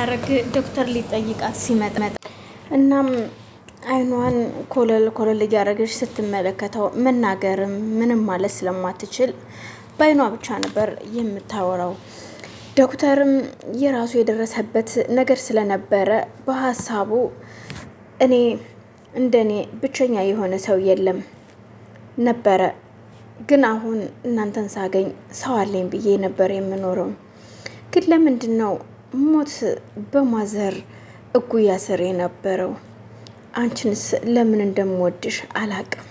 ልታረግ ዶክተር ሊጠይቃት ሲመጣ እናም አይኗን ኮለል ኮለል እያደረገች ስትመለከተው መናገርም ምንም ማለት ስለማትችል በአይኗ ብቻ ነበር የምታወራው። ዶክተርም የራሱ የደረሰበት ነገር ስለነበረ በሀሳቡ እኔ እንደኔ ብቸኛ የሆነ ሰው የለም ነበረ፣ ግን አሁን እናንተን ሳገኝ ሰው አለኝ ብዬ ነበር የምኖረው። ግን ለምንድን ነው ሞት በማዘር እጉያ ስር የነበረው አንቺንስ ለምን እንደምወድሽ አላቅም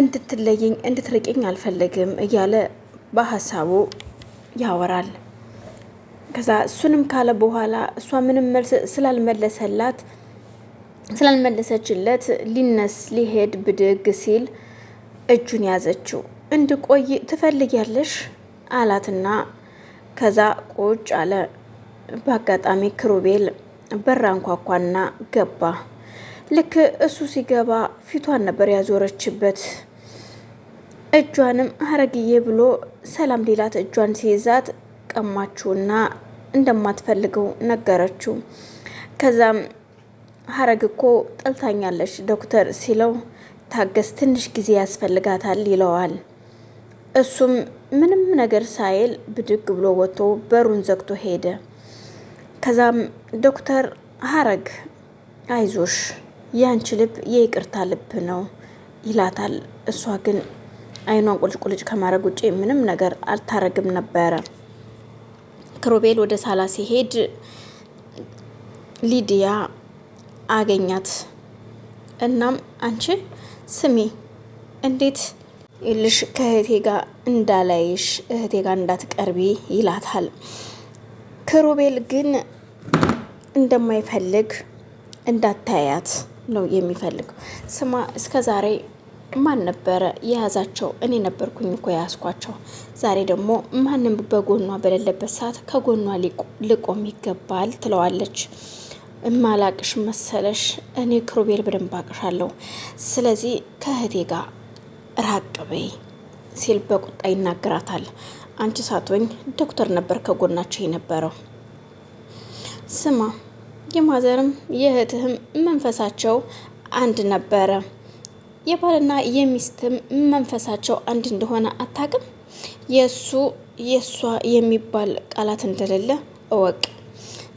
እንድትለየኝ እንድትርቅኝ አልፈለግም እያለ በሀሳቡ ያወራል። ከዛ እሱንም ካለ በኋላ እሷ ምንም መልስ ስላልመለሰላት ስላልመለሰችለት ሊነስ ሊሄድ ብድግ ሲል እጁን ያዘችው። እንድቆይ ትፈልጊያለሽ አላትና ከዛ ቁጭ አለ። በአጋጣሚ ክሩቤል በር አንኳኳና ገባ። ልክ እሱ ሲገባ ፊቷን ነበር ያዞረችበት። እጇንም ሀረግዬ ብሎ ሰላም ሌላት እጇን ሲይዛት ቀማችውና እንደማትፈልገው ነገረችው። ከዛም ሀረግ እኮ ጠልታኛለች ዶክተር ሲለው ታገስ፣ ትንሽ ጊዜ ያስፈልጋታል ይለዋል። እሱም ምንም ነገር ሳይል ብድግ ብሎ ወጥቶ በሩን ዘግቶ ሄደ። ከዛም ዶክተር ሀረግ አይዞሽ ያንቺ ልብ የይቅርታ ልብ ነው ይላታል። እሷ ግን አይኗን ቁልጭቁልጭ ከማድረግ ውጭ ምንም ነገር አልታረግም ነበረ። ክሮቤል ወደ ሳላ ሲሄድ ሊዲያ አገኛት። እናም አንቺ ስሚ እንዴት ይልሽ ከእህቴ ጋር እንዳላይሽ እህቴ ጋር እንዳትቀርቢ ይላታል። ክሩቤል ግን እንደማይፈልግ እንዳታያት ነው የሚፈልገው። ስማ እስከ ዛሬ ማን ነበረ የያዛቸው? እኔ ነበርኩኝ እኮ የያዝኳቸው። ዛሬ ደግሞ ማንም በጎኗ በሌለበት ሰዓት ከጎኗ ልቆም ይገባል ትለዋለች። እማላቅሽ መሰለሽ? እኔ ክሩቤል በደንብ አቅሻለሁ። ስለዚህ ከእህቴ ጋር ራቅ በይ ሲል በቁጣ ይናገራታል። አንቺ ሳትወኝ ዶክተር ነበር ከጎናቸው የነበረው ስማ የማዘርም የእህትህም መንፈሳቸው አንድ ነበረ። የባልና የሚስትም መንፈሳቸው አንድ እንደሆነ አታውቅም። የእሱ የእሷ የሚባል ቃላት እንደሌለ እወቅ።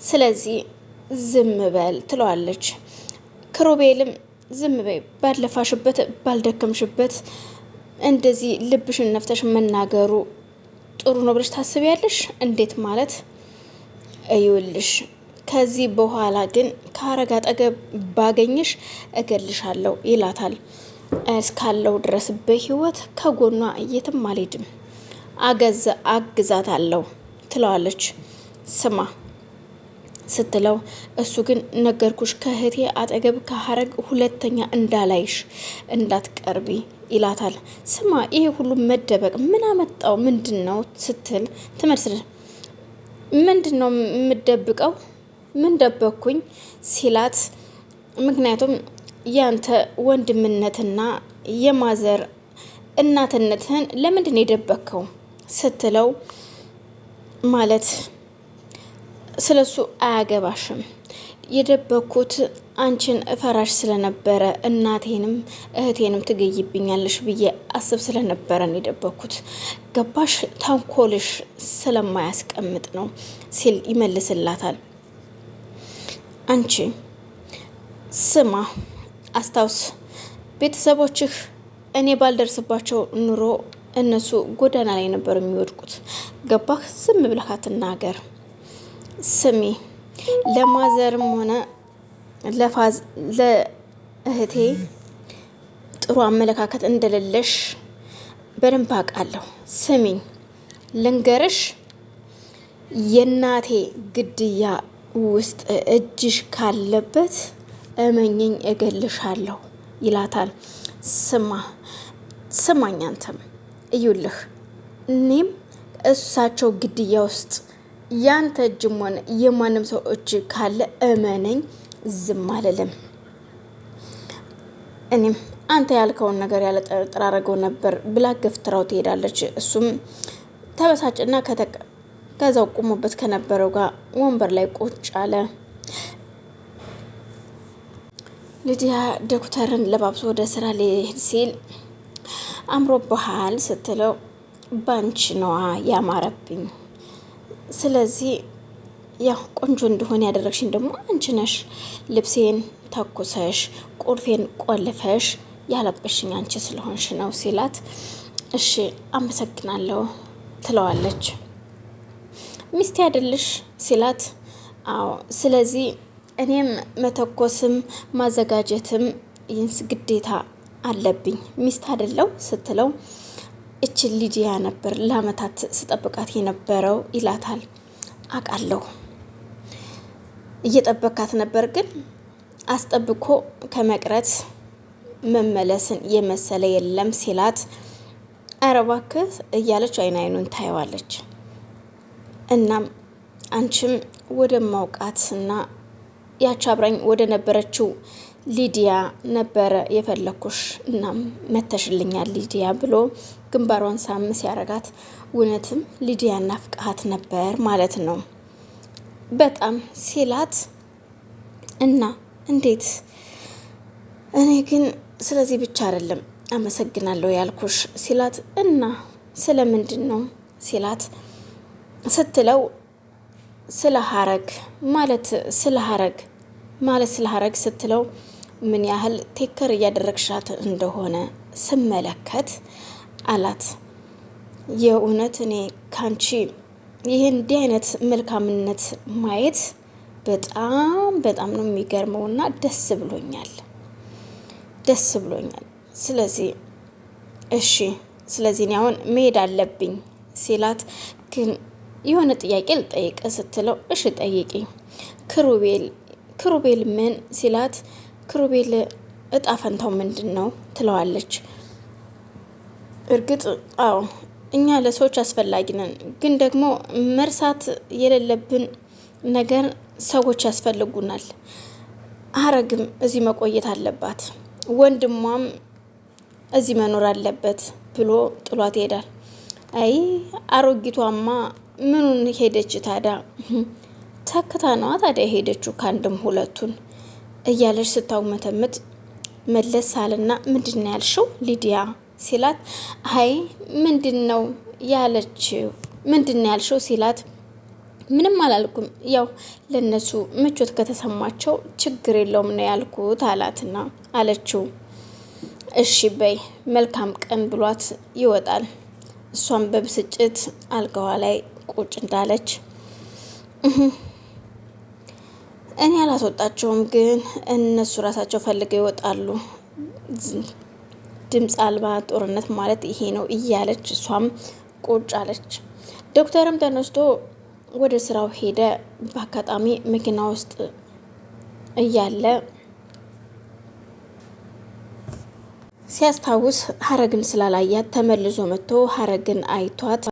ስለዚህ ዝም በል ትለዋለች። ክሩቤልም ዝም በይ፣ ባለፋሽበት ባልደከምሽበት እንደዚህ ልብሽን ነፍተሽ መናገሩ ጥሩ ነው ብለሽ ታስቢያለሽ? እንዴት ማለት እዩልሽ፣ ከዚህ በኋላ ግን ከሀረግ አጠገብ ባገኝሽ እገልሻለሁ ይላታል። እስካለው ድረስ በህይወት ከጎኗ የትም አልሄድም፣ አገዝ አግዛታለሁ ትለዋለች። ስማ ስትለው እሱ ግን ነገርኩሽ ከእህቴ አጠገብ ከሀረግ ሁለተኛ እንዳላይሽ እንዳትቀርቢ ይላታል። ስማ ይሄ ሁሉ መደበቅ ምን አመጣው? ምንድን ነው ስትል ትመስል ምንድን ነው የምደብቀው ምን ደበኩኝ ሲላት፣ ምክንያቱም ያንተ ወንድምነትና የማዘር እናትነትህን ለምንድን የደበከው ስትለው፣ ማለት ስለሱ አያገባሽም የደበኩት አንቺን እፈራሽ ስለነበረ እናቴንም እህቴንም ትገይብኛለሽ ብዬ አስብ ስለነበረን የደበኩት ገባሽ፣ ተንኮልሽ ስለማያስቀምጥ ነው ሲል ይመልስላታል። አንቺ ስማ አስታውስ፣ ቤተሰቦችህ እኔ ባልደርስባቸው ኑሮ እነሱ ጎዳና ላይ ነበር የሚወድቁት። ገባህ? ዝም ብለህ አትናገር። ስሚ፣ ለማዘርም ሆነ ለፋዝ ለእህቴ ጥሩ አመለካከት እንደሌለሽ በደንብ አውቃለሁ። ስሚኝ ልንገርሽ የእናቴ ግድያ ውስጥ እጅሽ ካለበት እመኝኝ እገልሻለሁ ይላታል። ስማ ስማኝ፣ አንተም እዩልህ፣ እኔም እሳቸው ግድያ ውስጥ ያንተ እጅም ሆነ የማንም ሰው እጅ ካለ እመነኝ፣ ዝም አልልም። እኔም አንተ ያልከውን ነገር ያለ ጥርጥር አድርገው ነበር ብላ ገፍትራው ትሄዳለች። እሱም ተበሳጭና ከዛው ቆሞበት ከነበረው ጋር ወንበር ላይ ቁጭ አለ። ልዲያ ዶክተርን ለባብሶ ወደ ስራ ሊሄድ ሲል አምሮ ባህል ስትለው ባንች ነዋ ያማረብኝ፣ ስለዚህ ያው ቆንጆ እንደሆነ ያደረግሽኝ ደግሞ አንቺ ነሽ። ልብሴን ተኩሰሽ ቁልፌን ቆልፈሽ ያለበሽኝ አንቺ ስለሆንሽ ነው ሲላት፣ እሺ አመሰግናለሁ ትለዋለች። ሚስቴ አይደልሽ ሲላት፣ አዎ ስለዚህ እኔም መተኮስም ማዘጋጀትም ይህንስ ግዴታ አለብኝ ሚስት አይደለው ስትለው፣ እች ሊዲያ ነበር ለአመታት ስጠብቃት የነበረው ይላታል። አቃለሁ እየጠበካት ነበር፣ ግን አስጠብቆ ከመቅረት መመለስን የመሰለ የለም ሲላት፣ አረባክ እያለች አይን አይኑን ታየዋለች። እናም አንቺም እና ያች አብራኝ ወደ ነበረችው ሊዲያ ነበረ የፈለኩሽ እናም መተሽልኛል ሊዲያ ብሎ ግንባሯን ሳም ሲያረጋት እውነትም ሊዲያ ናፍቃት ነበር ማለት ነው በጣም ሲላት እና እንዴት እኔ ግን ስለዚህ ብቻ አይደለም አመሰግናለሁ ያልኩሽ ሲላት እና ስለምንድን ነው ሲላት ስትለው ስለ ሀረግ ማለት ስለ ሀረግ ማለት ስለ ሀረግ ስትለው ምን ያህል ቴከር እያደረግሻት እንደሆነ ስመለከት አላት። የእውነት እኔ ካንቺ ይህ እንዲህ አይነት መልካምነት ማየት በጣም በጣም ነው የሚገርመው እና ደስ ብሎኛል፣ ደስ ብሎኛል። ስለዚህ እሺ፣ ስለዚህ እኔ አሁን መሄድ አለብኝ ሲላት ግን የሆነ ጥያቄ ልጠይቅ ስትለው እሽ ጠይቂ ክሩቤል ክሩቤል ምን ሲላት ክሩቤል እጣ ፈንታው ምንድን ነው ትለዋለች። እርግጥ አዎ እኛ ለሰዎች አስፈላጊ ነን፣ ግን ደግሞ መርሳት የሌለብን ነገር ሰዎች ያስፈልጉናል። አረግም እዚህ መቆየት አለባት፣ ወንድሟም እዚህ መኖር አለበት ብሎ ጥሏት ይሄዳል። አይ አሮጊቷማ ምኑን ሄደች ታዲያ? ተክታ ነዋ ታዲያ ሄደችው ከአንድም ሁለቱን እያለች ስታውመተምት መለስ ሳልና ምንድን ነው ያልሽው ሊዲያ ሲላት፣ አይ ምንድን ነው ያለችው ምንድን ነው ያልሽው ሲላት፣ ምንም አላልኩም ያው ለነሱ ምቾት ከተሰማቸው ችግር የለውም ነው ያልኩት አላትና አለችው። እሺ በይ መልካም ቀን ብሏት ይወጣል። እሷም በብስጭት አልጋዋ ላይ ቁጭ እንዳለች እኔ አላስወጣቸውም፣ ግን እነሱ ራሳቸው ፈልገው ይወጣሉ። ድምፅ አልባ ጦርነት ማለት ይሄ ነው እያለች እሷም ቁጭ አለች። ዶክተርም ተነስቶ ወደ ስራው ሄደ። በአጋጣሚ መኪና ውስጥ እያለ ሲያስታውስ ሀረግን ስላላያት ተመልሶ መጥቶ ሀረግን አይቷት